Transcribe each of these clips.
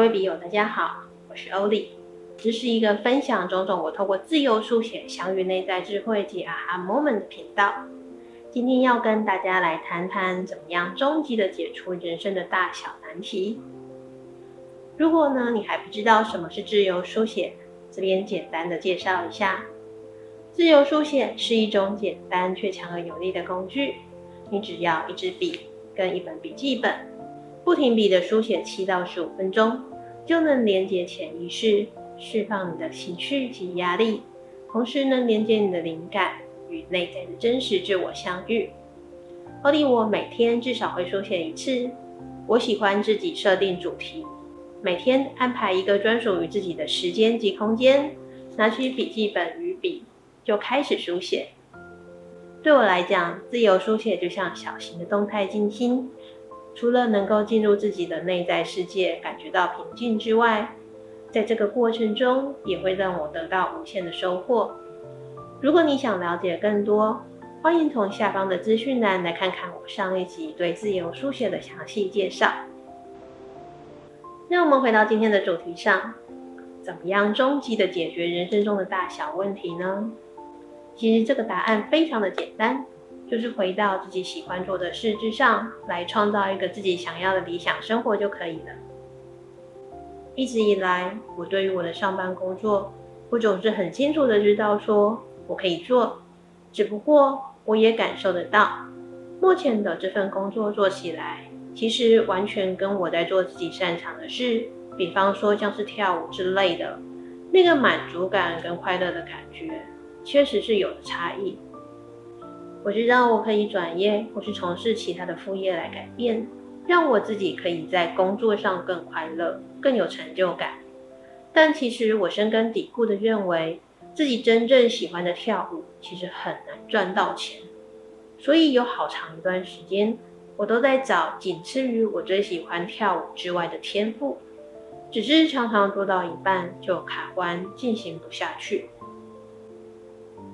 各位筆友，大家好，我是歐麗。這是一個分享種種我透過自由書寫相遇內在智慧及 aha moment 的頻道。今天要跟大家來談談怎麼樣終極的解除人生的大小難題。如果呢，你還不知道什麼是自由書寫，這邊簡單的介紹一下。自由書寫是一種簡單卻強而有力的工具。你只要一支筆跟一本筆記本，不停筆的書寫七到十五分鐘。就能連接潛意識，釋放你的情緒及壓力，同時能連接你的靈感與內在的真實自我相遇。後來我每天至少會書寫一次。我喜歡自己設定主題，每天安排一個專屬於自己的時間及空間，拿起筆記本與筆就開始書寫。對我來講，自由書寫就像小型的動態靜心。除了能夠進入自己的內在世界，感覺到平靜之外，在這個過程中也會讓我得到無限的收穫。如果你想了解更多，歡迎從下方的資訊欄來看看我上一集對自由書寫的詳細介紹。讓我們回到今天的主題上，怎麼樣終極的解決人生中的大小問題呢？其實這個答案非常的簡單。就是回到自己喜歡做的事之上，來創造一個自己想要的理想生活就可以了。一直以來，我對於我的上班工作，我總是很清楚地知道，說我可以做。只不過，我也感受得到，目前的這份工作做起來，其實完全跟我在做自己擅長的事，比方說像是跳舞之類的，那個滿足感跟快樂的感覺，確實是有了差異。我知道我可以轉業，或是從事其他的副業來改變，讓我自己可以在工作上更快樂、更有成就感。但其實我深根蒂固地認為，自己真正喜歡的跳舞，其實很難賺到錢。所以有好長一段時間，我都在找僅次於我最喜歡跳舞之外的天賦，只是常常做到一半就卡關，進行不下去。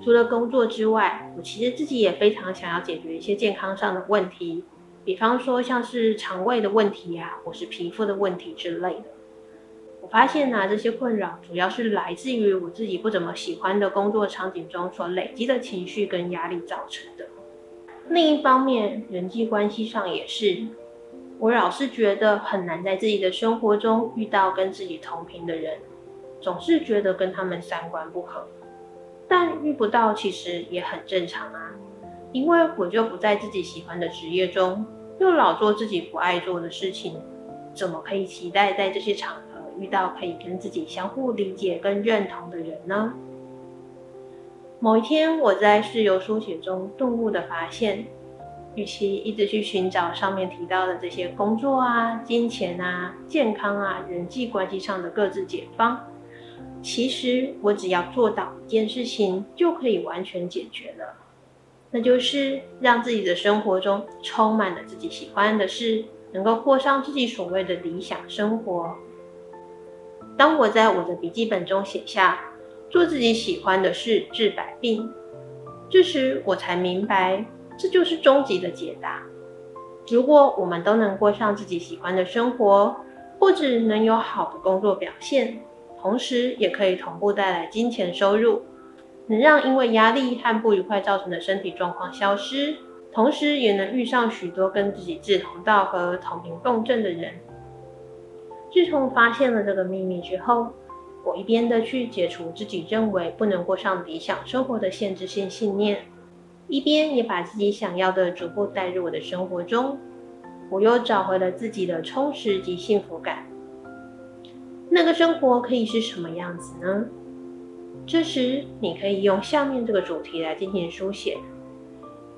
除了工作之外，我其實自己也非常想要解決一些健康上的問題，比方說像是腸胃的問題啊，或是皮膚的問題之類的。我發現呢、啊，這些困擾主要是來自於我自己不怎麼喜歡的工作場景中所累積的情緒跟壓力造成的。另一方面，人際關係上也是，我老是覺得很難在自己的生活中遇到跟自己同頻的人，總是覺得跟他們三觀不合。但遇不到其實也很正常啊，因為我就不在自己喜歡的職業中，又老做自己不愛做的事情，怎麼可以期待在這些場合遇到可以跟自己相互理解跟認同的人呢？某一天我在自由書寫中頓悟的發現，與其一直去尋找上面提到的這些工作啊、金錢啊、健康啊、人際關係上的各自解方。其實我只要做到一件事情，就可以完全解決了，那就是讓自己的生活中充滿了自己喜歡的事，能夠過上自己所謂的理想生活。當我在我的筆記本中寫下“做自己喜歡的事治百病”，這時我才明白，這就是終極的解答。如果我們都能過上自己喜歡的生活，或者能有好的工作表現。同時也可以同步帶來金錢收入，能讓因為壓力和不愉快造成的身體狀況消失，同時也能遇上許多跟自己志同道合、同頻共振的人。自從發現了這個秘密之後，我一邊的去解除自己認為不能過上理想生活的限制性信念，一邊也把自己想要的逐步帶入我的生活中，我又找回了自己的充實及幸福感。那個生活可以是什麼樣子呢？這時，你可以用下面這個主題來進行書寫：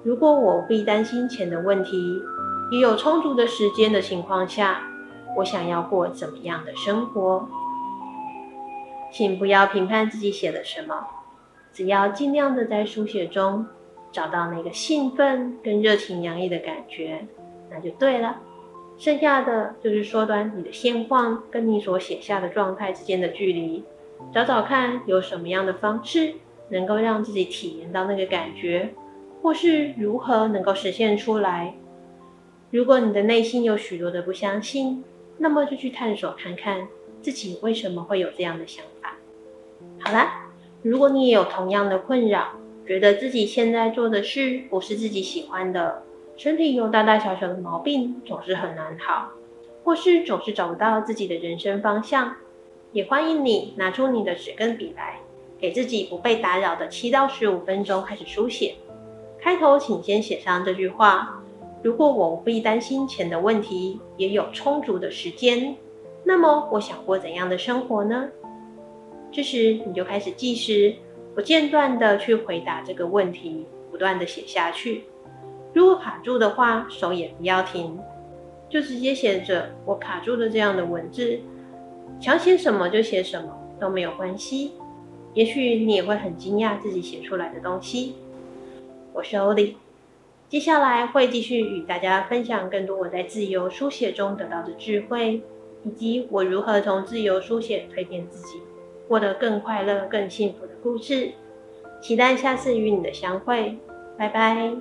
如果我不必擔心錢的問題，也有充足的時間的情況下，我想要過怎麼樣的生活？請不要評判自己寫的什麼，只要盡量的在書寫中找到那個興奮跟熱情洋溢的感覺，那就對了。剩下的就是縮短你的現況跟你所寫下的狀態之間的距離，找找看有什麼樣的方式能夠讓自己體驗到那個感覺，或是如何能夠實現出來。如果你的內心有許多的不相信，那麼就去探索看看自己為什麼會有這樣的想法。好啦，如果你也有同樣的困擾，覺得自己現在做的事不是自己喜歡的。身體有大大小小的毛病，總是很難好，或是總是找不到自己的人生方向，也歡迎你拿出你的紙跟筆來，給自己不被打擾的七到十五分鐘，開始書寫。開頭請先寫上這句話：如果我不必擔心錢的問題，也有充足的時間，那麼我想過怎樣的生活呢？這時你就開始計時，不間斷地去回答這個問題，不斷地寫下去。如果卡住的話，手也不要停，就直接寫着“我卡住了”這樣的文字，想寫什麼就寫什麼都沒有關係。也許你也會很驚訝自己寫出來的東西。我是歐弟，接下來會繼續與大家分享更多我在自由書寫中得到的智慧，以及我如何從自由書寫蛻變自己，獲得更快樂、更幸福的故事。期待下次與你的相會，拜拜。